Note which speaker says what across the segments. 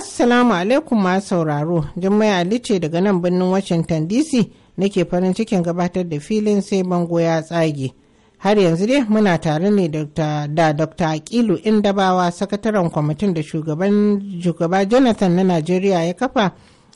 Speaker 1: Assalamu alaikum masu sauraro, Jummai Ali ce daga nan birnin Washington DC nake farin cikin gabatar da filin sai bango ya tsage. Har yanzu dai muna tare ne da Dr. Akilu Indabawa, sakataren kwamitin da shugaban shugaba Jonathan na Najeriya ya kafa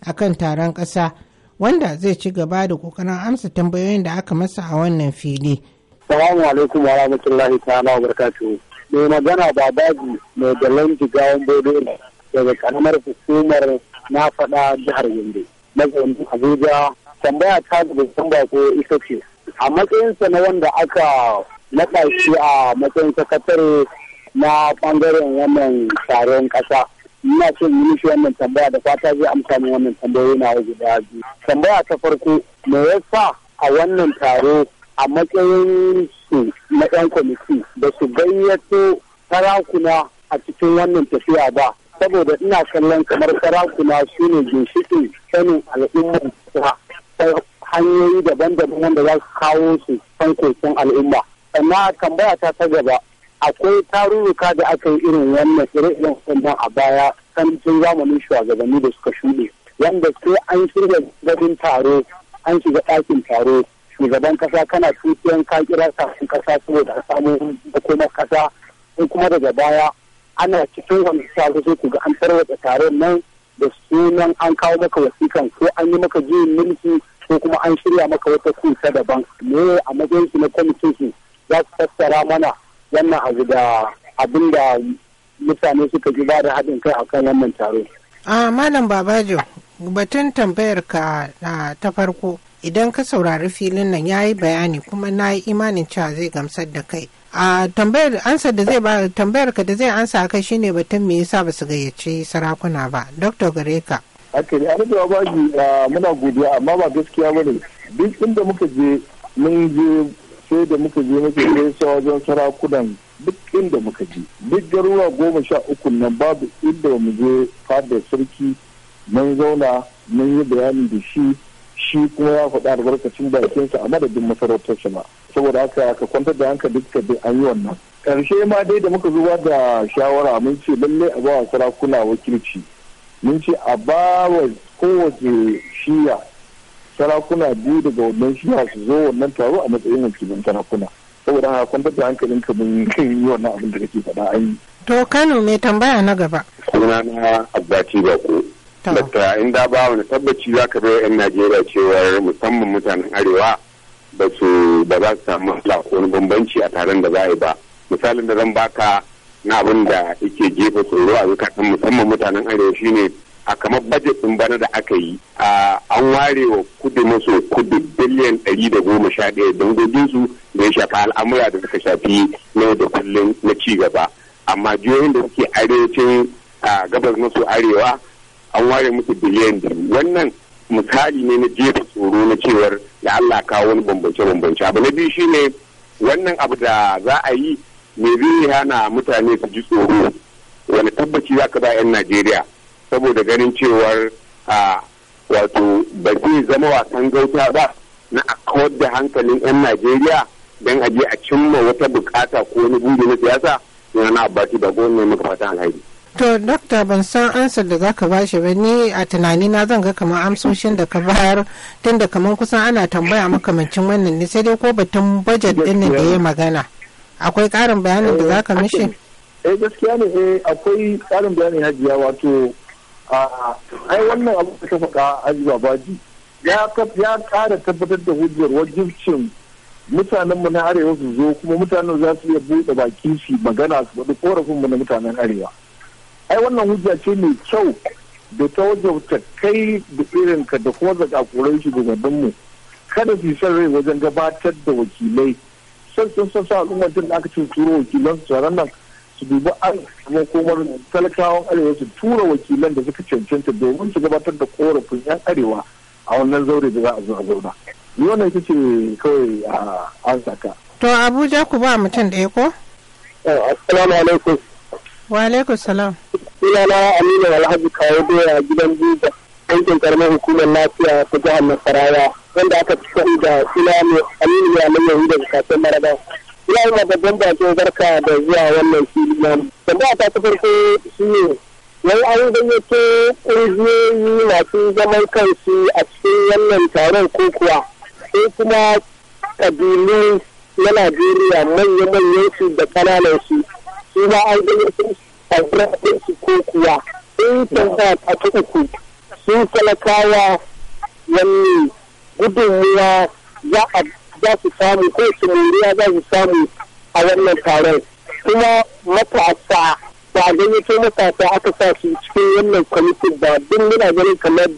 Speaker 1: a kan taron ƙasa, wanda zai ci gaba da ƙoƙarin amsa tambayoyin da aka masa a wannan fili.
Speaker 2: Salamu alaikum wa rahmatullahi ta'ala wa barakatuhu. Mai magana babaji mai galan jigawan bodo daga karamar hukumar na faɗa jihar Gombe. mazan Abuja tambaya ta da babban bako ita ce. A matsayinsa na wanda aka naɗa shi a matsayin sakatare na ɓangaren wannan taron ƙasa. Ina son yi shi wannan tambaya da fata zai amsa min wannan tambayoyi na guda biyu. Tambaya ta farko me yasa a wannan taro a matsayin su na 'yan kwamiti da su gayyato sarakuna a cikin wannan tafiya ba saboda ina kallon kamar sarakuna su ne ginshiƙin sanin al'ummar ta hanyoyi daban-daban wanda za su kawo su san kokon al'umma Amma tambaya ta ta gaba akwai tarurruka da aka yi irin wannan ire-iren kuma a baya kan cikin zamanin shugabanni da suka shuɗe wanda sai an shirya gabin taro an shiga ɗakin taro shugaban kasa kana tutiyan ka kira kafin kasa saboda a samu hukumar kasa in kuma daga baya ana cikin wani sabu sai ku ga an tarwata taron nan da sunan an kawo maka wasikan ko an yi maka juyin mulki ko kuma an shirya maka wata kusa daban ne a matsayin na kwamitin su za su fassara mana wannan abu da abin da mutane suka ji ba da haɗin kai kan wannan taro.
Speaker 1: a malam babajo batun tambayar ka ta farko idan ka saurari filin nan ya yi bayani kuma na yi imanin cewa zai gamsar da kai a tambayar ansa da zai ba tambayar ka da zai ansa kai shine batun me yasa ba su gayyaci sarakuna ba dr gareka
Speaker 2: Ake ne ana da baji muna godiya amma ba gaskiya ba ne duk inda muka je mun je sai da muka je muke sa wajen sarakunan duk inda muka je duk garuruwa goma sha uku nan babu inda mu je fadar sarki mun zauna mun yi bayani da shi shi kuma ya faɗa albarkacin bakinsa a madadin masarautarsa ba saboda haka ka kwantar da hankali ka bi an yi wannan karshe ma dai da muka zuba da shawara mun ce lallai a bawa sarakuna wakilci mun ce a bawa kowace shiya sarakuna biyu daga wannan shiya su zo wannan taro a matsayin wakilin sarakuna saboda haka kwantar da hankalin ka mun yi wannan abin da kake faɗa an yi.
Speaker 1: to kano mai tambaya na gaba.
Speaker 2: suna na abbati bako. dakta inda ba wani tabbaci za ka bai yan najeriya cewa musamman mutanen arewa ba su ba za su samu wani bambanci a taron da za a yi ba misalin da zan baka na abin da yake jefa tsoro a zukatan musamman mutanen arewa shine a kamar bajet din bana da aka yi an ware wa kudu maso kudu biliyan ɗari da goma sha ɗaya dangogin su da ya shafa al'amura da suka shafi na da kullum na ci gaba amma jihohin da suke arewacin gabas maso arewa an ware musu biliyan biyu wannan misali ne na jefa tsoro na cewar da Allah kawo wani bambance-bambance abu na biyu shine wannan abu da za a yi me zai hana mutane su ji tsoro wani tabbaci za ka ba 'yan Najeriya saboda ganin cewar a wato ba zai zama wasan gauta ba na a kawar da hankalin 'yan Najeriya don a je a cimma wata bukata ko wani buri na siyasa yana na abati da gwamnati maka fatan alhaji.
Speaker 1: To, Dokta ban san ansar da za ka ba shi ba ni a tunani na zan ga kamar amsoshin da ka bayar tun da kamar kusan ana tambaya makamancin wannan ne sai dai ko batun bajet din da ya magana. Akwai ƙarin bayanin da za ka mishi? Eh,
Speaker 2: eh gaskiya ne eh akwai ƙarin bayanin hajiya wato ai wannan abu da ta faɗa Haji Babaji ya ya ƙara tabbatar da hujjar wajibcin mutanen mu na arewa su zo kuma mutanen za su iya buɗe baki su magana su faɗi korafin mu na mutanen arewa. ai wannan hujja ce mai kyau da ta wajabta kai da irin ka da kuma zakakurai mu kada fi san rai wajen gabatar da wakilai son sun san sa al'ummar da aka ce turo wakilan su tsaron nan su dubi an kuma komar talakawan arewa su tura wakilan da suka cancanta domin su gabatar da korafin yan arewa a wannan zaure da za a zo a zauna ni wannan ita ce kawai a ah, an saka.
Speaker 1: to abuja ku ba mutum ɗaya ko.
Speaker 2: Eh, assalamu alaikum.
Speaker 1: Wa alaikum salam.
Speaker 2: Sunana Aminu Alhaji Kawo Doya gidan Buga, aikin karamar hukumar lafiya ta jihar Nasarawa, wanda aka fi sani da ne Aminu mai alayyar da bukatun maraba. Ina yi babban bakin barka da zuwa wannan fili na. Tambaya ta ta farko shi ne, wai an gayyato ƙungiyoyi masu zaman kansu a cikin wannan taron ko kuwa, sai kuma ƙabilu na Najeriya manya-manyan su da ƙananan su su ba an gani sun tsakura ɗinsu ko kuwa in tambaya ta ta uku sun talakawa wani gudunmuwa za su samu ko su za su samu a wannan taron kuma matasa ba gayyato matasa aka sa su cikin wannan kwamitin ba duk muna ganin kamar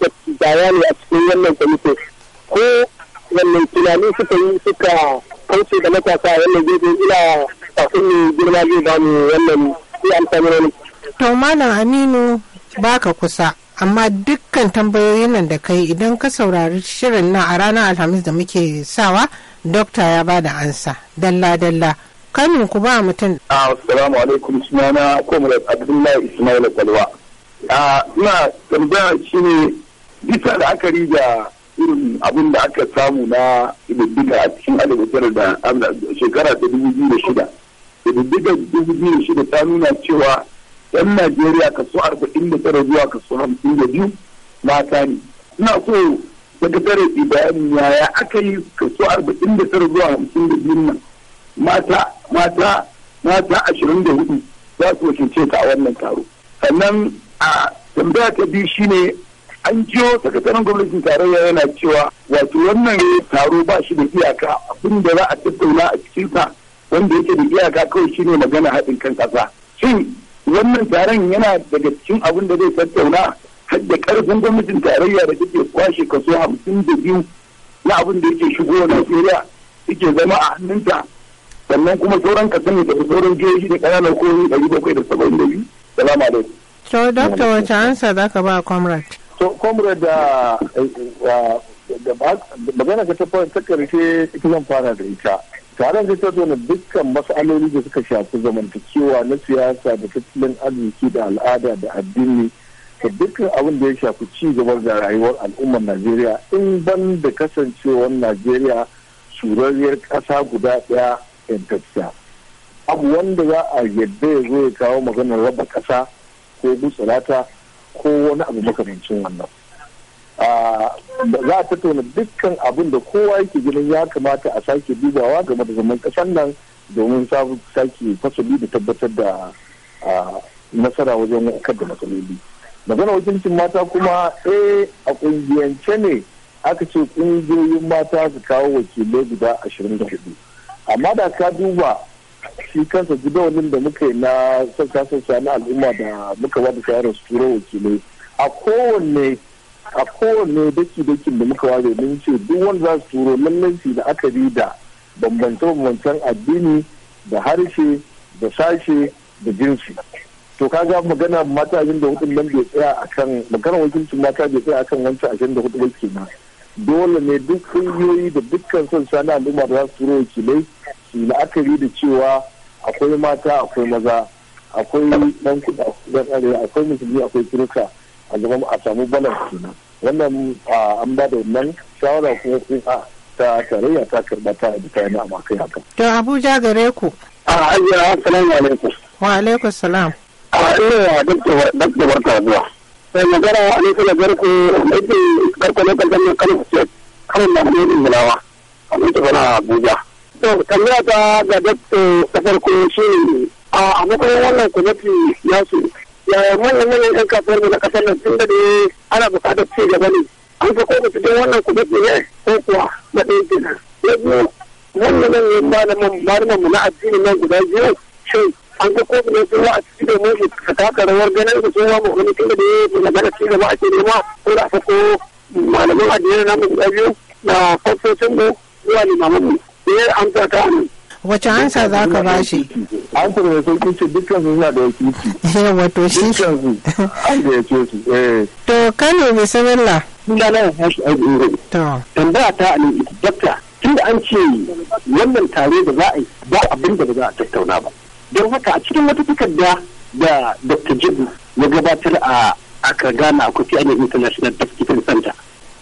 Speaker 2: da ne a cikin wannan kwamitin ko wannan tunani suka yi suka kauce da matasa a wannan gudun ila kafin mu girma zai ba wannan
Speaker 1: wani. To Malam Aminu baka kusa. Amma dukkan tambayoyin nan da kai idan ka saurari shirin nan a ranar Alhamis da muke sawa, Dokta ya ba da ansa, dalla-dalla. Kamin ku ba mutum.
Speaker 2: Ah, assalamu alaikum sunana Comrade Abdullahi Ismail Salwa. Ah, ina tambaya shi ne bisa da aka da irin abin da aka samu na ibibbika a cikin alibutar da shekara ta dubu shida. ƙididdigar dubu biyu shida ta nuna cewa yan najeriya kaso arba'in da tara zuwa kaso hamsin da biyu mata ne ina so sakatare ibrahim yaya aka yi kaso arba'in da tara zuwa hamsin da biyu nan mata mata mata ashirin da hudu za su wakilce ta a wannan taro sannan a tambaya ta biyu shine an jiyo sakataren gwamnatin tarayya yana cewa wato wannan taro ba shi da iyaka abinda da za a tattauna a cikinsa wanda yake da iyaka kawai shine magana haɗin kan ƙasa shin wannan taron yana daga cikin abin da zai tattauna har da ƙarfin gwamnatin tarayya da take kwashe kaso hamsin da biyu na abin da yake shigo Najeriya yake zama a hannunta sannan kuma sauran kasan ne tafi sauran jihohi da ƙananan
Speaker 1: kowani ɗari bakwai da saba'in da biyu salamu alaikum. to dokta wace ansa za ka ba comrade.
Speaker 2: to comrade da magana ka ta ta karshe ita zan fara da ita. tare taron ta tattauna dukkan matsaloli da suka shafi zamantakewa na siyasa da tattalin arziki da al'ada da addini da dukkan abin da ya shafi ci gabar da rayuwar al'ummar najeriya in ban da kasancewar najeriya surariyar ƙasa guda ɗaya yantacciya abu wanda za a yadda ya zo ya kawo maganar raba ƙasa ko gutsurata ko wani abu makamancin wannan za a tattauna dukkan abin da kowa yake ganin ya kamata a sake dubawa game da zaman kasan nan domin sake fasali da tabbatar da nasara wajen wakar da matsaloli magana wakilcin mata kuma eh a kungiyance ne aka ce kungiyoyin mata su kawo wakilai guda ashirin da hudu amma da ka duba shi kansa wani da muka yi na sassa sassa na al'umma da muka wada shayarar su turo wakilai a kowanne a kowane daki-dakin da muka ware mun ce duk wanda za su turo lallai da aka bi da bambance-bambancen addini da harshe da sashe da jinsi to ga magana mata yin da hudun nan bai tsaya akan magana wakilcin mata bai tsaya kan wancan ashirin da hudu ke na dole ne duk kungiyoyi da dukkan son na al'umma da za su turo wakilai su la'akari da cewa akwai mata akwai maza akwai dan kudu akwai akwai musulmi akwai kirista a zama a samu balance kenan wannan an ba da wannan shawara kuma a ta tarayya
Speaker 1: ta karba ta da ta yana amma kai haka. to abuja gare ku. a ajiyar assalamu alaikum. wa alaikum salam. a ina dakta barka zuwa. sai gara a ne
Speaker 2: kuma garko ake garku ne kan kan kan ce kan da ne din gulawa a mun tafi abuja. to tambaya ta ga dakta ta farko shi a abokan wannan gwamnati ya su da manyan manyan yan kasuwar na kasar nan tun da dai ana buƙatar ci gaba ne an fi kofa cikin wannan kuɗi ɗaya ko kuwa na ɗaya kenan na biyu manyan manyan malaman malaman mu na addinin nan guda biyu shin an fi kofa ne kuma a cikin da mun ka taka rawar ganin da sun mu wani tun da dai magana ci gaba ake nema ko da aka ko malaman addini na mu guda biyu da fafocin mu zuwa limaman mu. Ne eh, an ta ta
Speaker 1: wace ansa za ka ba shi an kuma da sauƙin
Speaker 2: ce dukkan su suna da wakilci yawa to shi dukkan su an da yake su eh to kano bismillah suna na hashi aiki to tambaya ta ne Tun da an ce wannan tare da za a yi ba abin da ba za a tattauna ba don haka a cikin wata tukar da dokta jibu ya gabatar a aka gana a kofi anyan international hospital center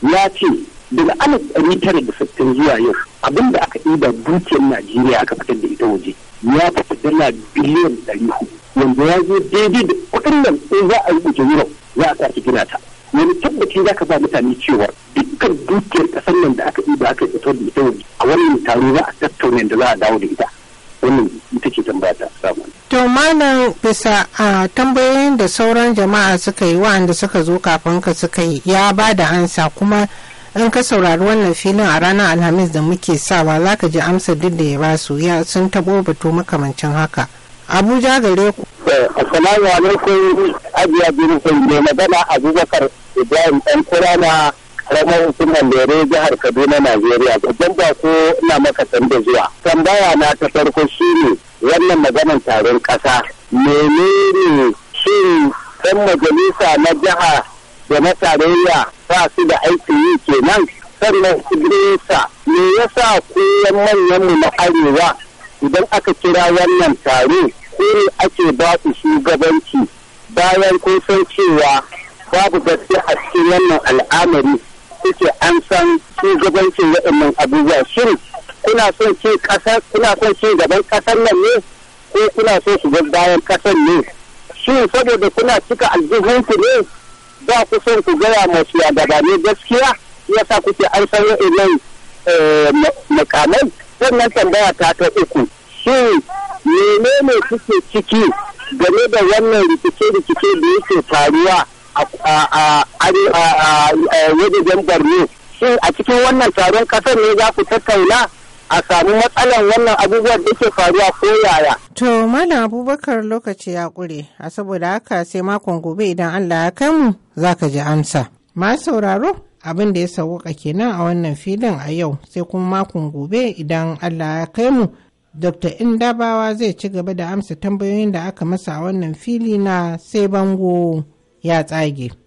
Speaker 2: ya ce daga alif ɗari tara da sittin zuwa yau abin da aka ɗiba dukiyar najeriya aka fitar da ita waje ya fita dala biliyan ɗari hudu wanda ya zo daidai da kuɗin nan in za a yi ɓuce wurin za a sake gina ta wani tabbacin za ka ba mutane cewa dukkan dukiyar ƙasar nan da aka ɗiba aka fitar da ita waje a wannan taro za a tattauna da za a dawo da ita wannan ita ce tambaya ta samu.
Speaker 1: To malam bisa a tambayoyin da sauran jama'a suka yi wa'anda suka zo kafin ka suka yi ya ba da ansa kuma in ka saurari wannan filin a ranar alhamis da muke sawa za ka ji amsar duk da ya ba su ya sun tabo batu makamancin haka abuja
Speaker 2: gare ku eh, assalamu alaikum ajiya sun ne magana abubakar ibrahim dan na ramar hukumar alere jihar kaduna najeriya babban ko na maka da zuwa tambaya na ta farko shine wannan maganar taron kasa menene shin dan majalisa na jiha da na tarayya ba su da aikin yi kenan sannan su sa. me yasa koyan mu na arewa idan aka kira wannan taro ko ake ba su shugabanci bayan kun san cewa babu gaske a cikin wannan al'amari kuke an san shugabancin waɗannan abubuwa shin kuna son ce kasar kuna son ce gaban kasar nan ne ko kuna son su bayan kasar ne shin saboda kuna cika aljihunku ne Za ku son ku gaya ma ne gaskiya ya sa kuke an san wa'annan makamai sannan tambaya ta ta uku shin menene suke ciki game da wannan rikice-rikice da yake faruwa a wajen borno shin a cikin wannan taron kasar ne za ku tattauna a sami matsalar wannan abubuwan da ke faruwa ko yaya.
Speaker 1: To mana Abubakar lokaci ya ƙure, a saboda haka sai makon gobe idan Allah ya kai mu za ka ji amsa. Ma sauraro abin da ya sauƙaƙa kenan a wannan filin a yau sai kuma makon gobe idan Allah ya kai mu. Dr. Indabawa zai ci gaba da amsa tambayoyin da aka masa a wannan fili na sai bango ya tsage.